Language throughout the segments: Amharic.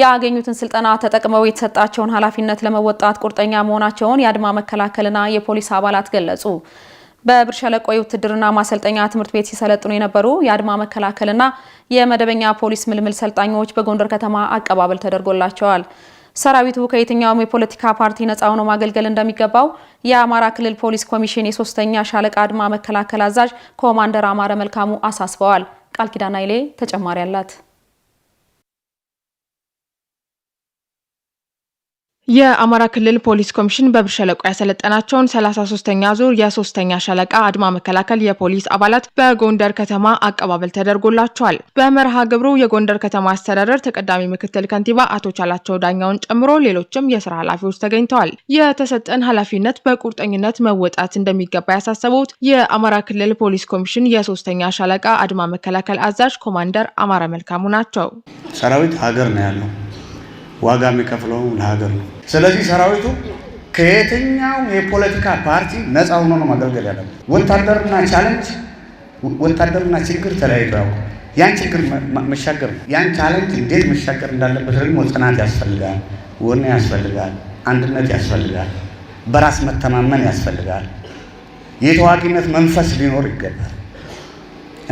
ያገኙትን ስልጠና ተጠቅመው የተሰጣቸውን ኃላፊነት ለመወጣት ቁርጠኛ መሆናቸውን የአድማ መከላከልና የፖሊስ አባላት ገለጹ። በብር ሸለቆ የውትድርና ማሰልጠኛ ትምህርት ቤት ሲሰለጥኑ የነበሩ የአድማ መከላከልና የመደበኛ ፖሊስ ምልምል ሰልጣኞች በጎንደር ከተማ አቀባበል ተደርጎላቸዋል። ሰራዊቱ ከየትኛውም የፖለቲካ ፓርቲ ነፃ ሆኖ ማገልገል እንደሚገባው የአማራ ክልል ፖሊስ ኮሚሽን የሶስተኛ ሻለቃ አድማ መከላከል አዛዥ ኮማንደር አማረ መልካሙ አሳስበዋል። ቃል ኪዳን አይሌ ተጨማሪ አላት። የአማራ ክልል ፖሊስ ኮሚሽን በብር ሸለቆ ያሰለጠናቸውን 33ኛ ዙር የሶስተኛ ሸለቃ አድማ መከላከል የፖሊስ አባላት በጎንደር ከተማ አቀባበል ተደርጎላቸዋል። በመርሃ ግብሩ የጎንደር ከተማ አስተዳደር ተቀዳሚ ምክትል ከንቲባ አቶ ቻላቸው ዳኛውን ጨምሮ ሌሎችም የስራ ኃላፊዎች ተገኝተዋል። የተሰጠን ኃላፊነት በቁርጠኝነት መወጣት እንደሚገባ ያሳሰቡት የአማራ ክልል ፖሊስ ኮሚሽን የሶስተኛ ሸለቃ አድማ መከላከል አዛዥ ኮማንደር አማረ መልካሙ ናቸው። ሰራዊት ሀገር ነው ያለው ዋጋ የሚከፍለው ለሀገር ነው። ስለዚህ ሰራዊቱ ከየትኛው የፖለቲካ ፓርቲ ነፃ ሆኖ ነው ማገልገል ያለበት። ወታደርና ቻለንጅ ወታደርና ችግር ተለያይቶ ያውቃል። ያን ችግር መሻገር ነው። ያን ቻለንጅ እንዴት መሻገር እንዳለበት ደግሞ ጽናት ያስፈልጋል፣ ወኔ ያስፈልጋል፣ አንድነት ያስፈልጋል፣ በራስ መተማመን ያስፈልጋል፣ የተዋጊነት መንፈስ ሊኖር ይገባል።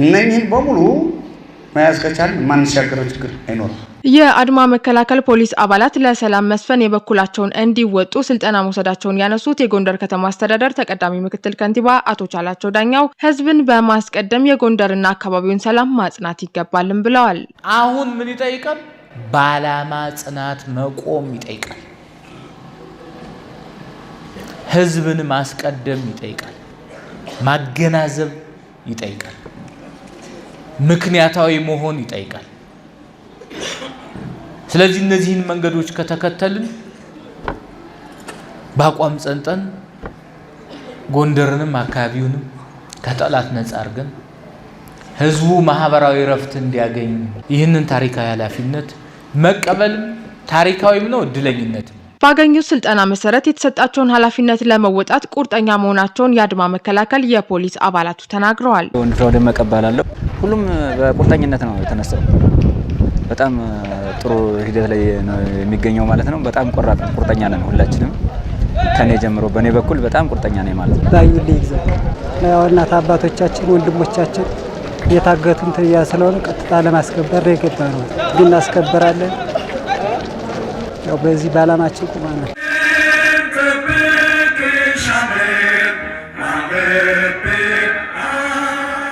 እነኚህን በሙሉ መያዝ ከቻልን የማንሻገረው ችግር አይኖርም። የአድማ መከላከል ፖሊስ አባላት ለሰላም መስፈን የበኩላቸውን እንዲወጡ ስልጠና መውሰዳቸውን ያነሱት የጎንደር ከተማ አስተዳደር ተቀዳሚ ምክትል ከንቲባ አቶ ቻላቸው ዳኛው ህዝብን በማስቀደም የጎንደርና አካባቢውን ሰላም ማጽናት ይገባልም ብለዋል። አሁን ምን ይጠይቃል? በዓላማ ጽናት መቆም ይጠይቃል። ህዝብን ማስቀደም ይጠይቃል። ማገናዘብ ይጠይቃል። ምክንያታዊ መሆን ይጠይቃል። ስለዚህ እነዚህን መንገዶች ከተከተልን በአቋም ጸንጠን ጎንደርንም አካባቢውንም ከጠላት ነጻ አድርገን ህዝቡ ማህበራዊ እረፍት እንዲያገኝ ይህንን ታሪካዊ ኃላፊነት መቀበልም ታሪካዊም ነው፣ እድለኝነትም። ባገኙት ስልጠና መሰረት የተሰጣቸውን ኃላፊነት ለመወጣት ቁርጠኛ መሆናቸውን የአድማ መከላከል የፖሊስ አባላቱ ተናግረዋል። ወንድ ወደ መቀበላለሁ ሁሉም በቁርጠኝነት ነው የተነሳው። በጣም ጥሩ ሂደት ላይ ነው የሚገኘው ማለት ነው። በጣም ቆራጥ ቁርጠኛ ነን ሁላችንም፣ ከኔ ጀምሮ በእኔ በኩል በጣም ቁርጠኛ ነኝ ማለት ነው። ባዩልኝ ጊዜ እናት አባቶቻችን ወንድሞቻችን የታገቱን ትያ ስለሆነ ቀጥታ ለማስከበር ነው የገባ ነው። ግን እናስከበራለን። ያው በዚህ በዓላማችን ቁማ ነው።